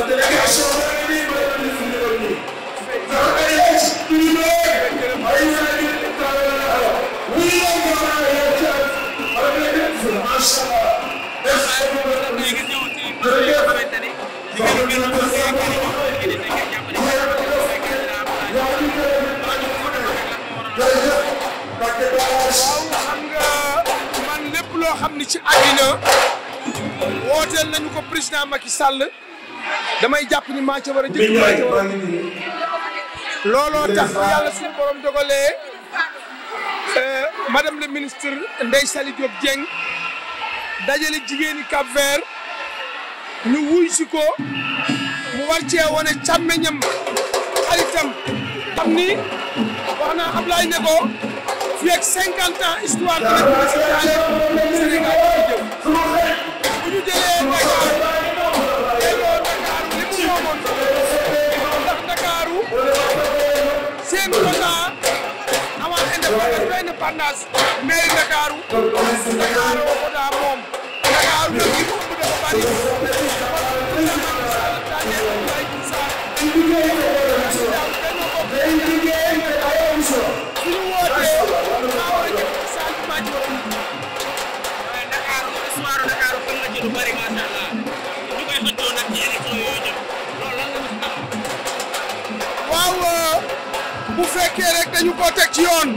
la délégation bi nii mooy indi fi mu ne nii. dafa ay ay univers. ay yeneen yu ñu tawee la ala. wuyu la ko war a yore ci ak. wala nga jël fi macha allah. def ay mbokk yi. jërëjëf. waaw ñu ngi koy xam nga man lépp loo xam ni ci àddina wooteel nañu ko président Macky Sall. damay jàpp ni maa ca war a jëkk maa ca war a looloo tax yàlla euh, le ministre Ndeye Saly Diop Dieng dajale jigéeni Cap Vert ñu wuy si ko mu war cee wane càmmeñam xaritam xam ni wax naa Ablaye ne ko fii ak cinquante ans histoire dina ko si Sénégal bu ñu jëlee Dakar dafa def benn pendage mairie Ndakaaru Ndakaaru moo ko daa moom Ndakaaru nag li bari fekkee rek dañu ko teg ci yoon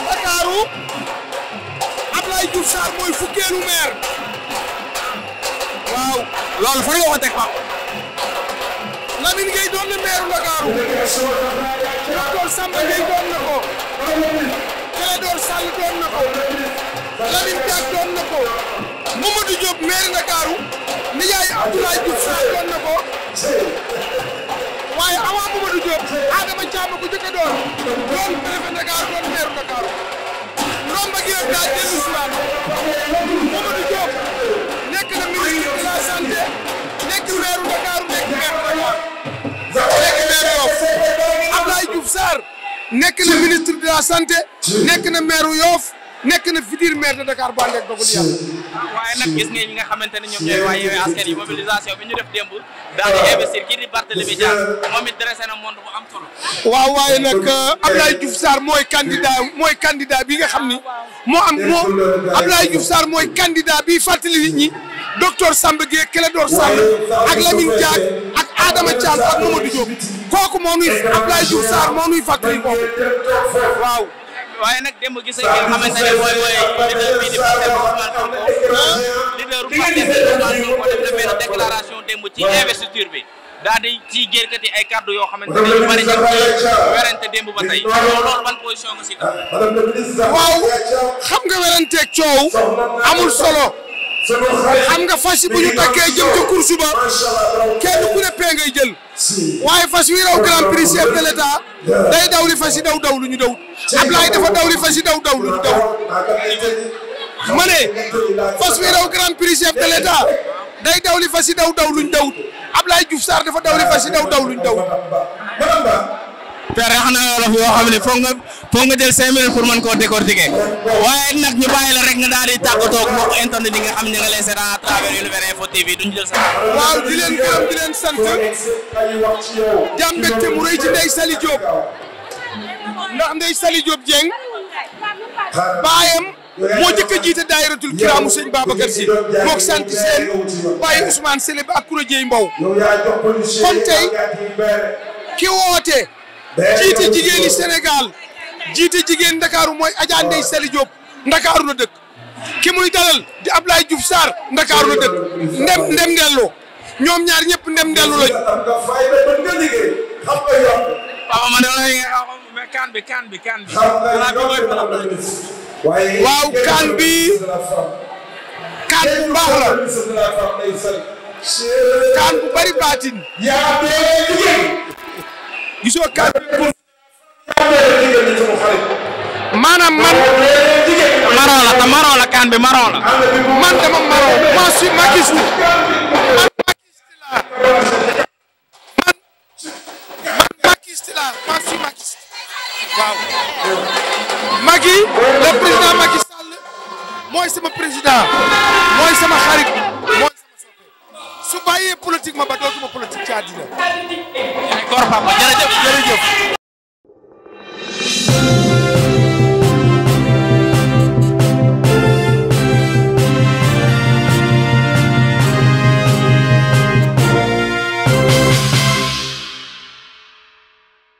Ndakaaru Ablaye Diouf Sarr mooy waaw loolu fan nga ko teg Pape Lamine doon na maire Ndakaaru docteur Samba doon na ko Clédor doon na ko Lamine Diack doon na ko Mamadou Diop maire Ndakaaru làmb ku njëkk a doon doon meeru Dakar romb ak yéen daal dellu si waat Mamadou Diop nekk na ministre de la santé nekk meeru Dakar nekk meeru Dakar nekk meeru Yoff nekk na ministre nekk meeru Yoff nekk na futur maire de Dakar bu ànd ak dogal yàlla. Ah, waaye nag gis nga ñi nga xamante ne ñoom ñooy waa Yewwi Askan Wi bi ñu def démb daal di investir kii di Barthélémy Dias moom uh, mooy candidat mooy candidat bi nga xam ni moo am moo Abdoulaye Diouf Sarr mooy candidat bi fàttali nit ñi Samba Gueye Clédor Sall ak Lamine Diack ak Adama Thiam ak Mamadou Diop kooku moo nuy Abdoulaye Diouf Sarr moo nuy fàttali kooku waaye nag démb gis nga xamante ne mooy mooy leader bii di Pastef Ousmane Sonko ah, leader bu Pastef Ousmane Sonko def na benn ci investiture bi daal di ci gërkati ay kàddu yoo xamante ne ñu bari ñu werante démb ba tey si tax. waaw xam nga weranteeg coow amul solo. xam nga fas bu ñu takkee jëm ca course ba kenn ku ne pee ngay jël waaye fas wi raw grand prix chef de l'état day daw fas yi daw daw lu ñu daw Ablaye dafa daw li fas yi daw ma ne fas wi raw grand prix chef de l'état day daw li fas yi daw daw lu ñu daw Ablaye Diouf dafa daw li fas yi daw daw lu daw. père xam na yoo xam ne foog nga pour nga jël cinq minutes pour mën koo décortiquer waaye nag ñu bàyyi la rek nga daal di tàggatoo ak mbokk internet yi nga xam ñu nga lay seetaan à travers Univers Info TV duñ jël sa waaw di leen gërëm di leen sant jàmm mbégte mu rëy moo jëkk a jiite daayiratul kiraamu sëñ Babacar Si mook sant seen bàyyi Ousmane Seleb ak Koura Dieye Mbow kon tey ki woote jiite jigéeni Sénégal jiite jigéen ndakaaru mooy Adja Ndeye Sali Diop ndakaaru la dëkk ki muy dalal di Ablaye Diouf Sarr ndakaaru la dëkk ndem ndem delloo ñoom ñaar ñëpp ndem dellu lañu. waaw man kaan bi kaan bi baax la kaan bu bari baatin. gisoo kaan bi maanaam man. maroo la te maroo la kaan bi maroo la. man dama maroo ma suis maquiste man maquiste laa man man maquiste laa ma suis maquiste waaw. Macky le président Macky Sall mooy sama président mooy sama xarit mooy sama soppe su bàyyee politique ma ba dootuma politique ci àddina. góor papa jërëjëf jërëjëf.